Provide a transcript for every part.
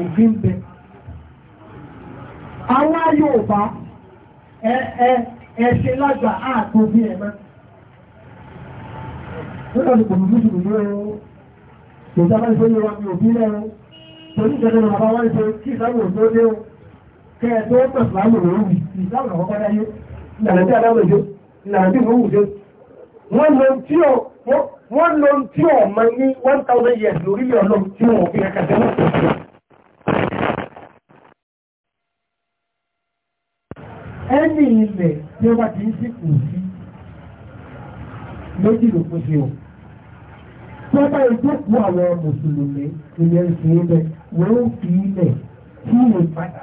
òbí ń bẹ. Àwọn Yorùbá ẹ̀ṣẹ̀ lágbà ààtò bí ẹ̀mọ́. Nígbà tí kò mú jùlọ yóò kò sábà ìfẹ́ yóò wá ní òbí lẹ́rọ. Torí ìjọba ìjọba bàbá wá ìfẹ́ kí ìsáwò tó dé o. Kẹ́ ẹ tó pẹ̀ fúlámù rẹ̀ wù ìsáwò náà kọ́kọ́ dáyé. Ìlànà tí Adáwọ̀ yó, ìlànà tí ìwọ̀n wù dé. Wọ́n lọ tí ò wọ́n lọ tí ò mọ ní one thousand years lórí ọlọ́run tí wọn ò fi ẹ̀ka ẹni ilẹ̀ tí ó bá ti ń sí kù sí méjì ló pín sí o tí ó bá ìjókòó àwọn mùsùlùmí ìyẹn ń ilẹ̀ wọ́n ó fi ilẹ̀ tí ìwé padà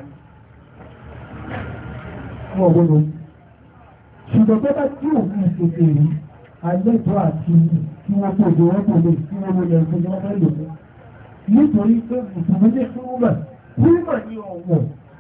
wọ́n gbọ́dọ̀ ṣùgbọ́n tó bá tí òun ìṣètò rí alẹ́tọ́ àti tí wọ́n tó dé wọ́n lè tí wọ́n lè fún wọn lọ́wọ́ nítorí pé mùsùlùmí ní fúrúmà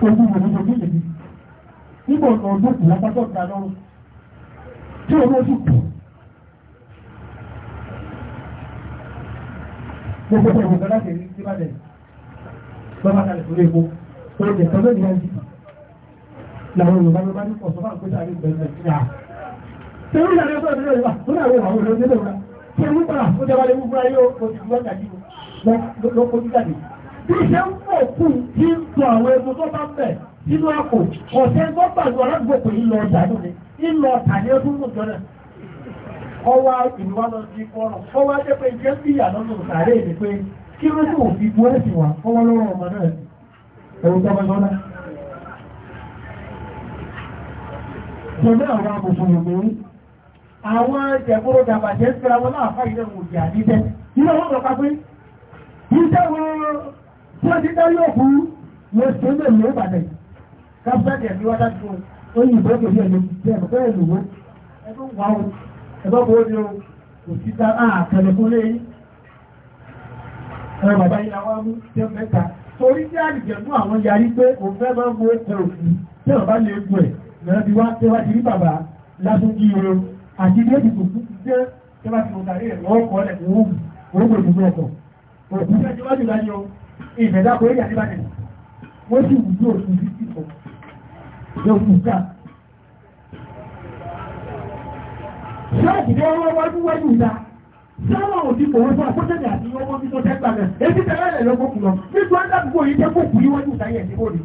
ojú ìròyìn ojú ìròyìn nígbà ọ̀nà ọdún kù wọ́n pátọ́ ìgbà tí owó sì kù gbogbo ọ̀pọ̀ ìwọ̀n ó ní àwọn olóògbé òkú tí ń tọ àwọn egun tó bá bẹ̀ sínú àpò ọ̀sẹ̀ tó gbàdúrà aládùúgbò pé ńlọ ọjà nù ni ńlọ ọ̀tà ní ọdún nù jọ́nà ọwá ìlú lọ sí fọ́nà ọwá jẹ́ pé jẹ́ bí ìyàlọ́nà sàárè ni pé kí ló tó fi bu ẹ̀sìn wa ọwọ́ lọ́rọ̀ ọmọ náà ẹ̀rù tọ́mọ lọ́nà. àwọn amòfòròmí dàbàjẹ́ ń tẹ́ra wọn láàfáà ilẹ̀ òjì àdídẹ́. Ilé wọn lọ pé, ìjẹ́ tí wọ́n ti dá yóò kú mo ṣe lè lè bàdẹ̀ káfíńtì ẹ̀mí wájá tó ni o kò sí ta àkàlẹ̀ fún lé yín ẹ̀rọ bàbá yìí làwọn mú tí ó mẹ́ta torí tí àdìjẹ̀mú àwọn yarí pé òun fẹ́ máa ń mú ẹ̀rọ òfin tí ọ̀bá lè gùn ẹ̀ lọ́nà bí wá tí wá ti rí bàbá lásán kí ire àti ilé ìdìbò fún jẹ́ tí wá ti mọ̀ tàrí ẹ̀ lọ́wọ́ kọ́ ẹ̀ ìfẹ̀dá kò rí àdíbà nìyà wọ́n sì wù yóò sí ìfọ̀ yóò fún ká ṣáàtì ní ọwọ́ wájú wájú ìta sáwọn òdì kò wọ́n fún akọ́tẹ́lẹ̀ àti ọmọ bí tó tẹ́gbà rẹ̀ èyí tẹ́lẹ̀ rẹ̀ lọ́gbọ́n kù lọ nígbà dàgbò yìí tẹ́kọ̀ kù yí wájú ìta yẹ̀ sí bòdì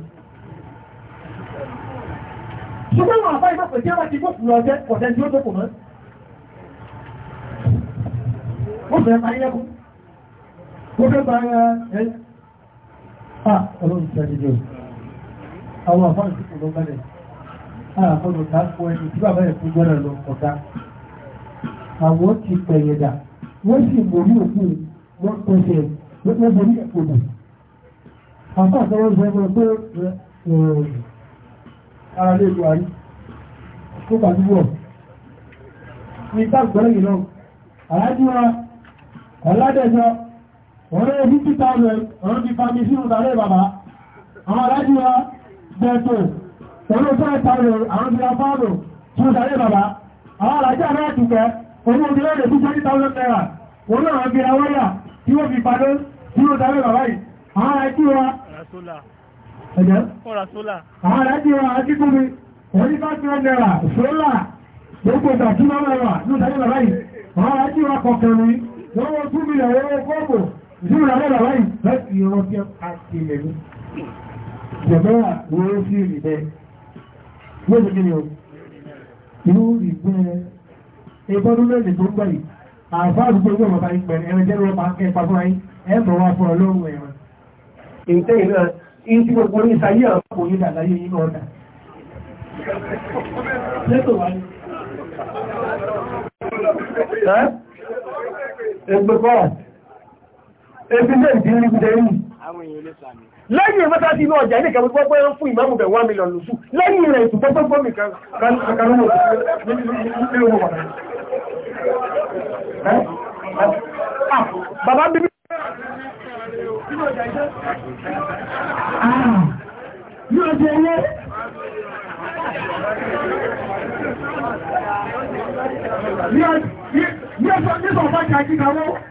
Ah, ọlọ́run àwọn àfáàrùn tí lọ bẹ̀rẹ̀ àkọlù ká fún ẹni tí bàbá ẹ̀kú gbọ́dọ̀ lọ ọ̀gá àwọn ti pẹ̀yẹ̀dà wọ́n sì borí òkú wọ́n pẹ̀sẹ̀ wọ́n borí ẹ̀kọ́dù àfáàkọ́ wọ́n sọ ọ̀rẹ́ fifty thousand ọ̀rẹ́ ti fa mi sínú ìdálẹ́ bàbá àwọn aláàjì wa bẹ̀ẹ̀tò ọ̀rẹ́ five thousand àwọn ti ra fáàlù sínú ìdálẹ́ bàbá àwọn aláàjì àná àtìkẹ́ owó obìnrin rẹ̀ sí twenty thousand naira òun náà gbé ra wáyà tí wọ́n fi padé sínú ìdálẹ́ bàbá yìí àwọn aláàjì wa ẹ̀jẹ̀ àwọn aláàjì wa akíkúmi orí five thousand naira sólà gbogbo ìgbà tí wọ́n wà ní ìdálẹ́ bàbá yìí àwọn aláàjì wa kọ̀ọ̀kẹ̀rin wọ́n wọ́n tún mílíọ̀n owó fọ́ọ̀bù ìdúró làwọn bàbá yìí láti ìran tí a ti lè ní jẹ̀mọ́ra wo sí rí bẹ́ẹ̀ wọ́n ti kí ni o ìlú rí bẹ́ẹ̀ ìbọ́dún mẹ́rin tó ń gbà yìí àfáà àdúgbò ìgbà bàbá yìí pẹ̀lú ẹran jẹ́rọ bá ń kẹ́ pa fúnra yìí ẹ̀ bọ̀ wá fún ọlọ́run ẹ̀ràn. ìtẹ́ ìran ìyí tí gbogbo ebi náà di ní ìdẹ yìí. lẹ́yìn ìmọ́ta ti inú ọjà nìkan gbogbo pé ń fún ìmáàmù bẹ̀ wá mílíọ̀nù lùsù lẹ́yìn rẹ̀ ìtùpọ̀ gbogbo mi kan Bàbá bíbí. Yóò jẹ ilé. Yóò sọ bá jẹ́ àjíkàwó.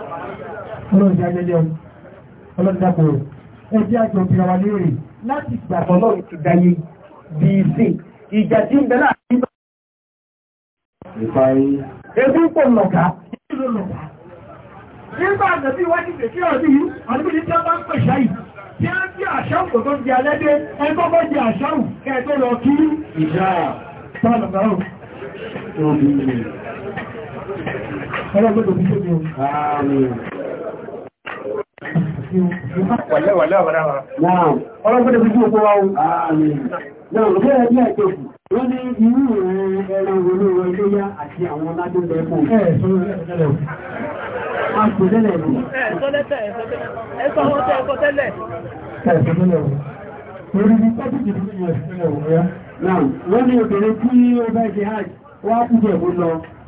ọlọ́run ti ajẹjẹ ọlọ́run dàpọ̀ ẹ jẹ́ àjọ ìpìlẹ̀ wa léèrè láti gbà ọlọ́run ti dáyé bí i sí ìjà tí ń bẹ láàrin bá. Ebi pọ̀ lọ̀gá. Nígbà àgbẹ̀bí wá ti fèké ọdún yìí, àdúgbò tí wọ́n bá ń pè ṣáyì. Tí a ń jẹ́ àṣáwù kò tó di alẹ́dẹ́, ẹgbọ́n bọ́ di àṣáwù kẹ́ẹ̀tọ́ lọ kí. Ìjà. Tọ́lọ̀gbọ́rùn ẹlẹ́gbẹ́dọ̀ bí ṣébí ọlọ́gbẹ́dọ̀ bí ṣébí wa o náà lọ́gbẹ́ ẹbí ẹ̀kẹ́kù wọ́n ní irú ẹran olóòrò iléyá àti àwọn ládúgbẹ́ ẹ̀kọ́ Àṣòtẹ́lẹ̀ ẹ̀kọ́. Ẹ̀ṣọ́lẹ́tẹ̀ ẹ̀ṣọ́ tẹ́lẹ̀. Ẹ̀ṣọ́lẹ́tẹ̀ ẹ̀ṣọ́ tẹ́lẹ̀. Orí